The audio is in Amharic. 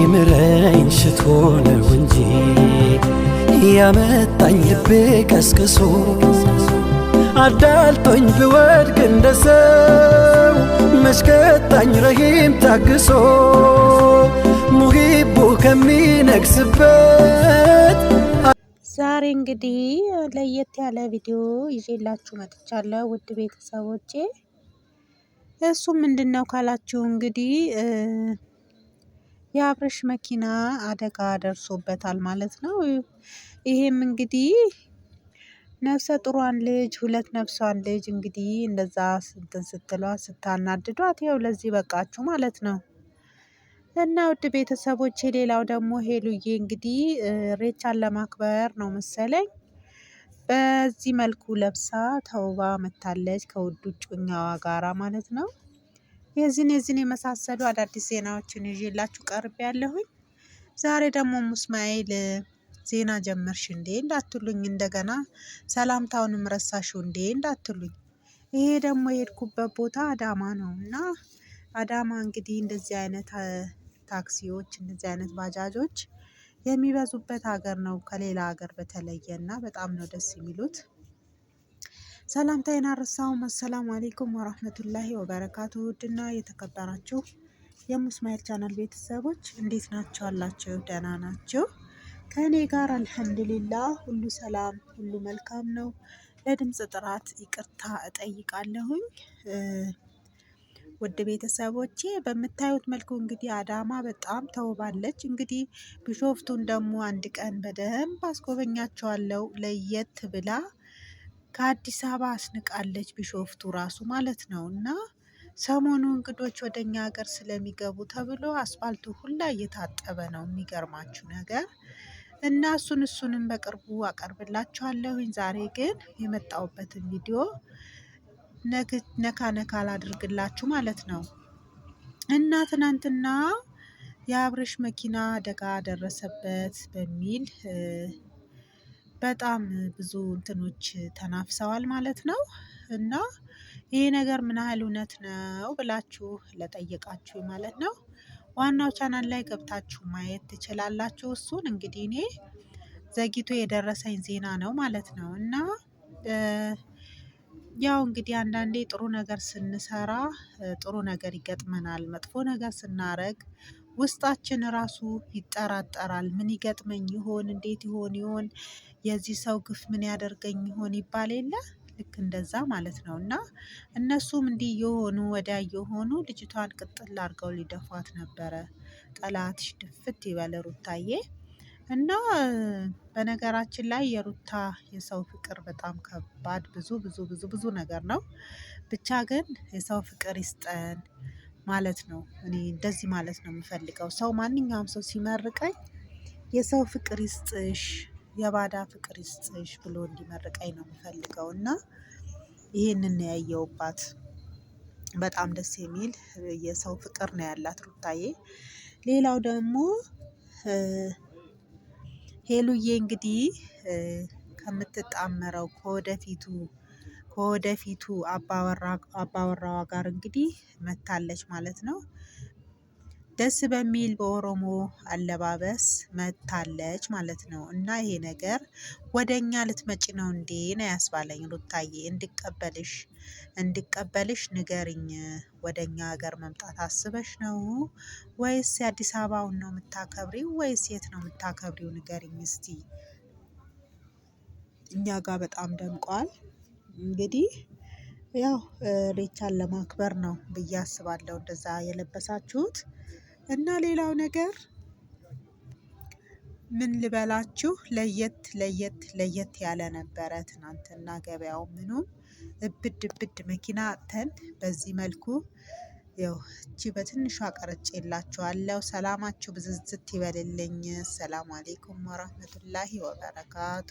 ሊምረኝ ሽቶ ነው እንጂ ያመጣኝ ልቤ ቀስቅሶ አዳልጦኝ ብወድቅ እንደ ሰው መሽከጣኝ ረሂም ታግሶ ሙሂቡ ከሚነግስበት ዛሬ እንግዲህ ለየት ያለ ቪዲዮ ይዤላችሁ መጥቻለሁ ውድ ቤተሰቦቼ። እሱ ምንድን ነው ካላችሁ እንግዲህ የአብርሽ መኪና አደጋ ደርሶበታል ማለት ነው። ይሄም እንግዲህ ነፍሰ ጥሯን ልጅ ሁለት ነፍሷን ልጅ እንግዲህ እንደዛ ስንትን ስትሏት ስታናድዷት ያው ለዚህ በቃችሁ ማለት ነው። እና ውድ ቤተሰቦች የሌላው ደግሞ ሄሉዬ እንግዲህ ሬቻን ለማክበር ነው መሰለኝ በዚህ መልኩ ለብሳ ተውባ መታለች ከውዱ ጩኛዋ ጋራ ማለት ነው። የዚህን የዚህን የመሳሰሉ አዳዲስ ዜናዎችን ይዤላችሁ ቀርብ ያለሁኝ። ዛሬ ደግሞ ሙስማኤል ዜና ጀመርሽ እንዴ እንዳትሉኝ፣ እንደገና ሰላምታውንም ረሳሽው እንዴ እንዳትሉኝ። ይሄ ደግሞ የሄድኩበት ቦታ አዳማ ነው እና አዳማ እንግዲህ እንደዚህ አይነት ታክሲዎች እንደዚህ አይነት ባጃጆች የሚበዙበት ሀገር ነው ከሌላ ሀገር በተለየ እና በጣም ነው ደስ የሚሉት። ሰላምታዬን አልረሳሁም። አሰላሙ አሌይኩም ወራህመቱላሂ ወበረካቱ። ውድና የተከበራችሁ የሙስማኤል ቻናል ቤተሰቦች እንዴት ናቸው? አላቸው ደህና ናቸው? ከእኔ ጋር አልሐምድሊላ ሁሉ ሰላም፣ ሁሉ መልካም ነው። ለድምፅ ጥራት ይቅርታ እጠይቃለሁኝ። ውድ ቤተሰቦቼ በምታዩት መልኩ እንግዲህ አዳማ በጣም ተውባለች። እንግዲህ ቢሾፍቱን ደግሞ አንድ ቀን በደንብ አስጎበኛቸዋለሁ ለየት ብላ ከአዲስ አበባ አስንቃለች ቢሾፍቱ ራሱ ማለት ነው። እና ሰሞኑ እንግዶች ወደ እኛ ሀገር ስለሚገቡ ተብሎ አስፋልቱ ሁላ እየታጠበ ነው የሚገርማችሁ ነገር እና እሱን እሱንም በቅርቡ አቀርብላችኋለሁኝ። ዛሬ ግን የመጣሁበትን ቪዲዮ ነካ ነካ አላድርግላችሁ ማለት ነው። እና ትናንትና የአብርሽ መኪና አደጋ ደረሰበት በሚል በጣም ብዙ እንትኖች ተናፍሰዋል ማለት ነው። እና ይሄ ነገር ምን ያህል እውነት ነው ብላችሁ ለጠየቃችሁ ማለት ነው። ዋናው ቻናል ላይ ገብታችሁ ማየት ትችላላችሁ። እሱን እንግዲህ እኔ ዘግይቶ የደረሰኝ ዜና ነው ማለት ነው። እና ያው እንግዲህ አንዳንዴ ጥሩ ነገር ስንሰራ ጥሩ ነገር ይገጥመናል መጥፎ ነገር ስናረግ ውስጣችን ራሱ ይጠራጠራል። ምን ይገጥመኝ ይሆን? እንዴት ይሆን ይሆን? የዚህ ሰው ግፍ ምን ያደርገኝ ይሆን ይባል የለ ልክ እንደዛ ማለት ነው። እና እነሱም እንዲህ የሆኑ ወዲያ የሆኑ ልጅቷን ቅጥል አድርገው ሊደፏት ነበረ። ጠላትሽ ድፍት ይበል ሩታዬ። እና በነገራችን ላይ የሩታ የሰው ፍቅር በጣም ከባድ ብዙ ብዙ ብዙ ብዙ ነገር ነው። ብቻ ግን የሰው ፍቅር ይስጠን። ማለት ነው። እኔ እንደዚህ ማለት ነው የምፈልገው። ሰው ማንኛውም ሰው ሲመርቀኝ የሰው ፍቅር ይስጥሽ፣ የባዳ ፍቅር ይስጥሽ ብሎ እንዲመርቀኝ ነው የምፈልገው እና ይህንን ያየውባት በጣም ደስ የሚል የሰው ፍቅር ነው ያላት ሩታዬ። ሌላው ደግሞ ሄሉዬ እንግዲህ ከምትጣመረው ከወደፊቱ ከወደፊቱ አባወራዋ ጋር እንግዲህ መታለች ማለት ነው። ደስ በሚል በኦሮሞ አለባበስ መታለች ማለት ነው። እና ይሄ ነገር ወደ እኛ ልትመጪ ነው እንዴ ነው ያስባለኝ። ሩታዬ እንድቀበልሽ እንድቀበልሽ ንገርኝ። ወደ እኛ ሀገር መምጣት አስበሽ ነው ወይስ የአዲስ አበባውን ነው የምታከብሪው ወይስ የት ነው የምታከብሪው? ንገርኝ እስቲ። እኛ ጋር በጣም ደምቋል። እንግዲህ ያው ሬቻን ለማክበር ነው ብዬ አስባለሁ እንደዛ የለበሳችሁት። እና ሌላው ነገር ምን ልበላችሁ ለየት ለየት ለየት ያለ ነበረ ትናንትና ገበያው ምኑም እብድ እብድ መኪና አጥተን በዚህ መልኩ ያው እቺ በትንሿ ቀርጬላችኋለሁ። ሰላማችሁ ብዝዝት ይበልልኝ። ሰላም አሌይኩም ወራህመቱላሂ ወበረካቱ